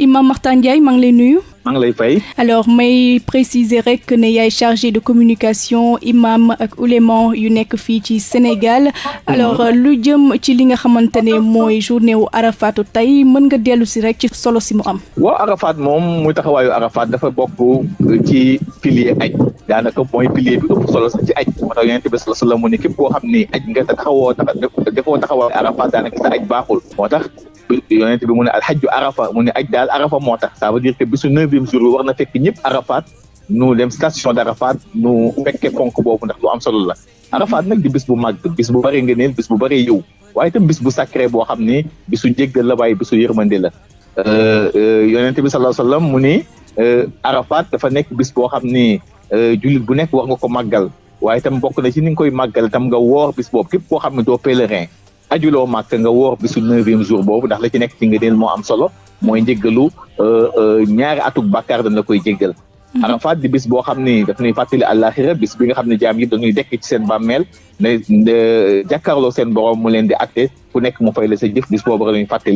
Imam Makhtar Ndiaye ngi lay nuyu. maa ngi lay fay. alors may préciser rek ne yaay chargé de communication imam ak ouléma yu nekk fii ci Sénégal. alors mhm. lu jëm ci li nga xamante ne mooy journée wu Arafat tey mën nga dellu si rek ci solo si mu am. waaw Arafat moom muy taxawaayu Arafat dafa bokk ci pilier aj daanaka mooy pilier bi ëpp solo sax ci aj moo tax Yonent bi sallallahu alayhi mu ne képp koo xam ni aj nga taxawoo taxawoo defoo taxawaayu Arafat daanaka sa aj baaxul yonent bi mu ne alxajju arafa mu ne moo tax ça veut dire que bisu neuvième jour bi war na fekk ñëpp arafaat nu dem station d' arafaat nu fekke ponk boobu ndax lu am solo la arafaat nag di bis bu màgg bis bu bëree ngëneel bis bu bëree yëw waaye itam bis bu sacré boo xam ni bisu jéggal la waaye bisu yërmande la euh, euh, yonent bi sallallahu alayhi wasallam mu ni euh, arafaat dafa nekk bis boo xam ni jullit bu nekk war nga ko màggal waaye itam bokk na ci ni nga koy màggal tam nga woor bis boobu képp koo xam ne doo pèlerin ajuloo màkk nga woor bisu neuvième jour boobu ndax la ci nekk ci nga neen moo am solo mooy njéggalu euh, euh, ñaari atuk bàkkaar dañ la koy jéggal Mm-hmm. Arafat di bis boo xam ni daf ñuy fàttali àllaaxira bis bi nga xam ne jaam yi dañuy dekk ci seen bàmmeel ne jàkkaarloo seen borom mu leen di àtte ku nekk mu fay la sa jëf bis boobu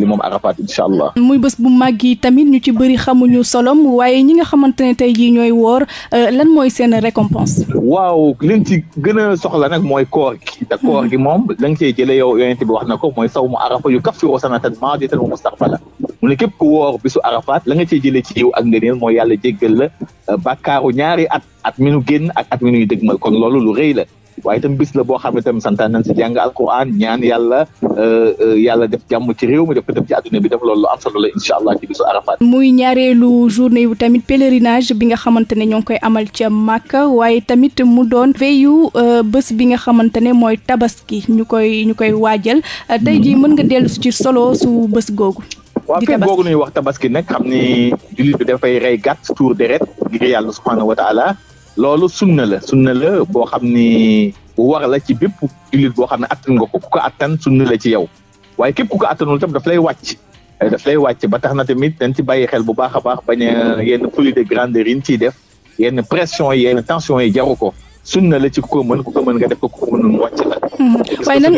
moom Arafat incha allah. muy bu màgg tamit ñu ci bëri xamuñu solom waaye ñi nga xamante ne tey jii ñooy woor euh, lan mooy seen récompense. waaw liñ ci gën a soxla nag mooy koor gi. Mm-hmm. te koor gi moom da nga cee jëlee yow yonent bi wax na ko mooy saw mu arafa yu kaffiru sanatan maadiyatan wa mustaqbala mu ne képp ku woor bisu Arafat la nga cee jëlee ci yiw ak ngëneel mooy yàlla jéggal la Euh, bàkkaaru ñaari at at mi nu génn ak at mi nuy ma kon loolu lu rëy la waaye itam bis la boo xam ne itam santaan nañ si jàng alquran ñaan yàlla euh, euh, yàlla def jàmm ci réew mi def ko def ci àdduna bi def loolu lu am solo muy ñaareelu journée bu tamit pèlerinage bi nga xamante ne ñoo ngi koy amal ca Màkka waaye tamit mu doon veyu bés bi nga xamante ne mooy tabaski ñu koy ñu koy waajal tey ji mën nga dellu ci solo su bës googu waaw fi googu nuy wax tabaski nag xam ni jullit bi dafay rey gàtt tuur deret ngir yàlla subhaanahu wa taala loolu sunna la sunna la boo xam ni bu war la ci bépp jullit boo xam ne attan nga ko ku ko attan sunna la ci yow waaye képp ku ko attanul tam daf lay wàcc ba tax na tamit dañ ci bay xel bu baax a baax bañ a yenn folie de grandeur yi ñu ciy def yenn pression yenn tension yi jaru ko sunna la ci ku ko mën ku ko mën nga def ko ku ko mënul wàcc la. Mhm. waaye nan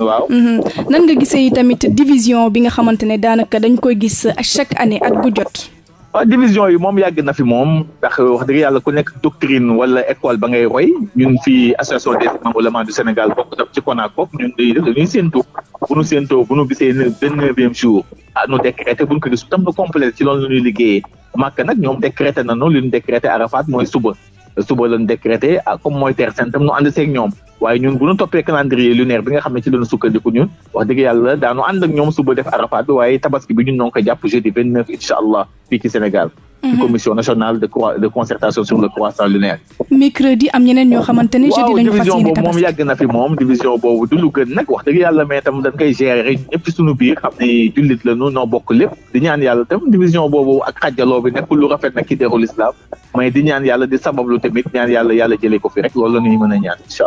waaw. Mhm. nan nga gisee tamit division bi nga xamante ne daanaka dañ koy gis chaque année at bu jot. waaw ah, division yi moom yàgg na fi moom ndax wax dëgg yàlla ku nekk doctrine wala école ba ngay roy ñun fii association des imams oulémas du Sénégal bokk tam ci CONACOC ñun dañuy def dañuy séentu bu nu séentoo bu nu gisee vingt-neuvième jour ah nu décrété bu nu ko gis tam nu complété ci loolu la ñuy liggéeyee màkk nag ñoom décrété nañu li ñu a Arafat mooy suba suba lañ décrété ak ah, comme mooy terre tam nu ànd seeg ñoom waaye ñun bu ñu toppee calendrier lunaire bi nga xam ne ci lañu sukkandiku ñun wax dëgg yàlla daanu ànd ak ñoom suba def arafat bi waaye tabaski bi ñun noo ngi koy jàpp jeudi vingt neuf incha allah fii ci Sénégal mhm. commission nationale de concertation sur le croissant lunaire. mercredi am ñeneen ñoo xamante ne jeudi lañu fas tabaski moom yàgg na fi moom division boobu du lu gën nag wax dëgg yàlla mais tam dañ koy bokk lépp ñaan yàlla tam division boobu ak xàjjaloo bi mais di ñaan yàlla di sabablu tamit ñaan yàlla yàlla jëlee ko fi rek loolu la ñuy mën a ñaan incha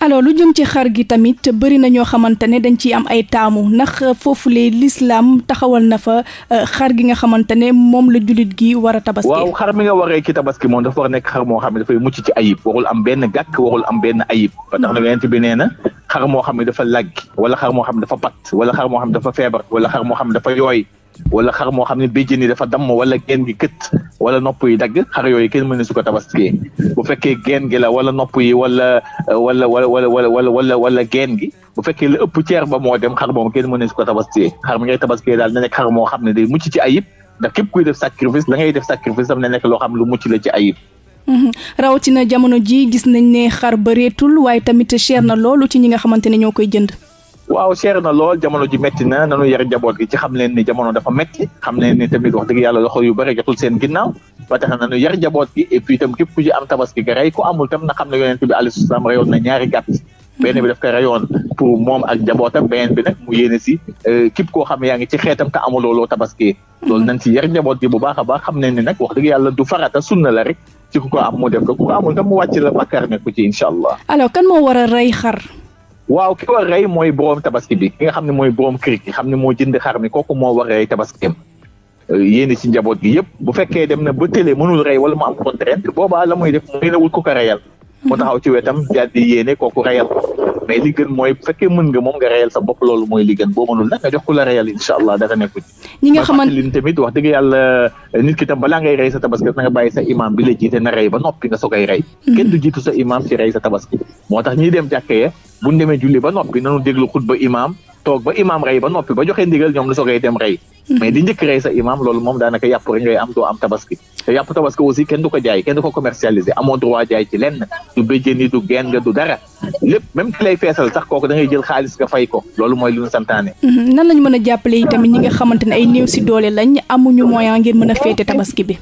allah. lu jëm ci xar gi tamit bëri na ñoo xamante ne dañ ciy am ay taamu ndax foofulee lislaam taxawal na fa euh, xar gi nga xamante ne moom la julit gi war a tabaski. waaw xar mi nga waree ci tabaski moom dafa war nekk xar moo xam ne dafay mucc ci ayib warul am benn gàkk warul am benn ayib. ba tax na yonent bi nee na xar moo xam ne dafa lagg wala xar moo xam ne dafa pat wala xar moo xam ne dafa feebar wala xar moo xam ne dafa yooy wala xar moo xam ne jën yi dafa damm wala geen gi kët wala nopp yi dagg xar yooyu kenn mën ne su ko tabaskee bu fekkee geen gi la wala nopp yi wala wala wala wala wala wala wala geen gi bu fekkee la ëpp ceer ba moo dem xar moom kenn mën ne su ko tabaskee xar mi ngay tabaskee daal na nekk xar moo xam ne day mucc ci ayib ndax képp kuy def sacrifice la ngay def sacrifice dam na nekk loo xam lu mucc la ci ayib mhm. rawatina jamono ji gis nañ ne xar bareetul waaye tamit cher na loolu ci ñi nga xamante ne ñoo koy jënd waaw seer na lool jamono ji métti na nanu yar njaboot gi ci xam leen ni jamono dafa métti xam leen ni tamit wax dëgg yàlla loxo yu bëri jotul seen ginnaaw ba na nanu yar njaboot gi et puis itam képp ku ci am tabaski ga rey ku amul tam bi na ñaari gàtt benn bi daf mu yéene si euh, képp koo xam ne yaa ngi ci xeetam ka amuloo loo tabaski lool nan si yar njaboot gi bu baax a baax xam ne ni nag wax dëgg yàlla du farata sunna la rek ci ku ko am mu def ko ku ko la bàkkaar nekku allah alors kan moo war a rey xar waaw ki war rey mooy boroom tabaski bi ki nga xam ne mooy boroom kër xam ne moo jënd xar mi kooku moo war rey tabaskeem euh, yéen ci njaboot gi yëpp bu fekkee dem na ba télé mënul rey wala mu am boobaa la muy def mooy ne ko ko reyal mu taxaw ci wetam daal di yéene kooku reyal mais li gën mooy mën nga moom nga sa bopp loolu mooy li gën boo mënul nag nga jox ku la reyal incha allah dara nekkul ñi nga xamante ni tamit wax dëgg yàlla euh, nit ki tam balaa ngay rey sa tabaski na nga bàyyi sa imam bi la jiite na rey ba noppi nga soo koy rey hmm. kenn du jiitu sa imam ci rey sa tabaski moo tax ñiy dem bu ñu julli ba noppi nanu déglu xutba imaam toog ba imaam rey ba noppi ba joxe ndigal ñoom la soo koy dem rey hmm. mais di njëkk rey sa imaam loolu moom daanaka yàpp rek am doo am tabaski ko jaay kenn du ko commercialiser amoo droit jaay ci lenn du mooy lu ñu santaane hmm, nan lañ mën a jàppale yi tamit ñi nga xamante ne ay néew si doole lañ amuñu moyen ngir mën bi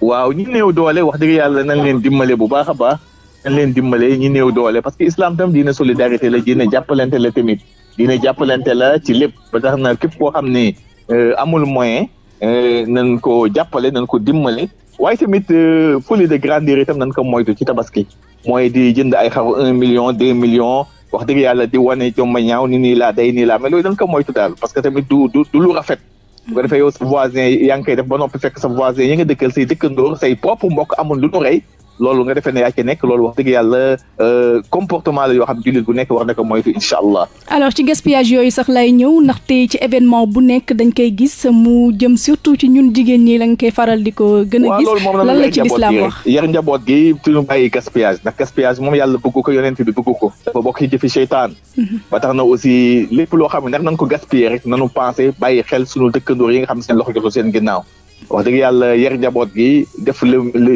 waaw ñi néew doole wax dëgg yàlla nañ leen dimbale bu baax a baax dañ leen dimbalee ñi néew doole parce que islam tam diine solidarité la diine jàppalante la tamit jàppalante la ci lépp ba tax na képp koo xam ne euh, amul moyen euh, nañ ko jàppale nañ ko dimbale waaye tamit euh, folie de grandeur itam nañ ko moytu ci tabaski mooy di jënd ay xaru un million deux millions wax dëgg yàlla di wane jomba ñaaw ni nii laa day nii laa mais loolu moytu daal parce que tamit du du du lu ko defee yow sa voisin yaa def ba noppi fekk sa voisin yi nga dëkkal say dëkkandoor say propre mbokk amul lu nu rey loolu nga defee ne yaa ci nekk lool wax dëgg yàlla euh, comportement la yoo xam jullit bu nekk wax na ko moytu incha allah. alors ci gaspillage yooyu sax lay ñëw ndaxte ci événement bu nekk dañ koy gis mu jëm surtout ci ñun jigéen ñi lañ koy faral di ko gën a gis lan la ci lislaam wax yar njaboot gi tuñu bàyyi gaspillage ndax gaspillage moom yàlla bëgg ko yonent bi bëgg ko dafa bokk ci jëfi seytaan mhm. ba tax na aussi lépp loo xam ne nag nañ ko gaspiller rek nanu pensé bàyyi xel suñu dëkkandoor yi nga xam seen loxo jotul seen ginnaaw wax dëgg yàlla yar njaboot gi def le le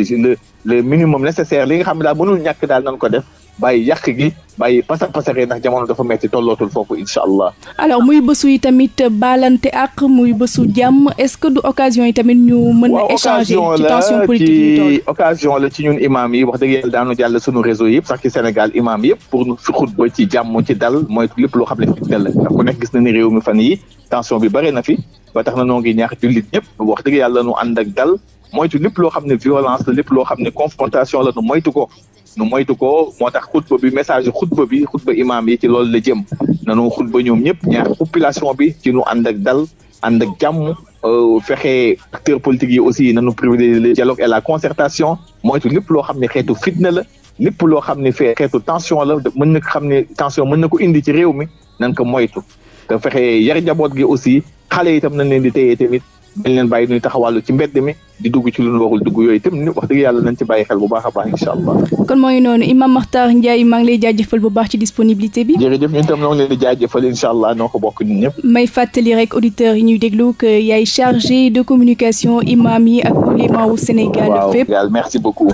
le minimum nécessaire li nga xam ne daal mënul ñàkk daal nan ko def bàyyi yàq gi bàyyi pasak pasakee ndax jamono dafa metti tollootul foofu incha allah. alors muy bësu yi tamit baalante ak muy bësu jàmm est-ce que du occasion yi tamit ñu mën a échanger ci tension politique ci occasion la ci ñun imam yi wax dëgg yàlla daanu jàll suñu réseau yëpp sax ci Sénégal imam yëpp pour ñu xutba ci jàmm ci dal mooy lépp loo xam ne fitnal la ndax ku nekk gis na réew mi fan yi tension bi bare na fi ba na noo ngi ñaax jullit ñëpp wax dëgg yàlla nu ànd ak dal moytu lépp loo xam ne violence la lépp loo xam ne confrontation la nu moytu ko nu moytu ko moo tax xutba bi message yu xutba bi xutba imaam yi ci loolu la jëm nanu xutba ñoom ñëpp ñaax population bi ci nu ànd ak dal ànd ak jàmm euh, fexe acteurs politiques yi aussi nanu privilégier le dialogue et la concertation moytu lépp loo xam ne xeetu fitna la lépp loo xam ne fe xeetu tension la mën na xam ne tension mën na ko indi ci réew mi nan ko moytu te fexe yar njaboot gi aussi xale yi itam nañ leen di téye tamit dañ leen bàyyi ñuy taxawàllu ci mbedd mi dugg ci yooyu itam ni yàlla nañ ci bàyyi xel bu baax a baax incha allah kon mooy noonu maa ngi lay bu baax ci disponibilité bi jërëjëf ñun tam ñoo ngi leen di jaajëfal incha allah noo ko bokk ñun ñëpp may fàttali rek auditeurs yi ñuy déglu que yaay chargé de communication imam yi ak ulama wu Sénégal fépp merci beaucoup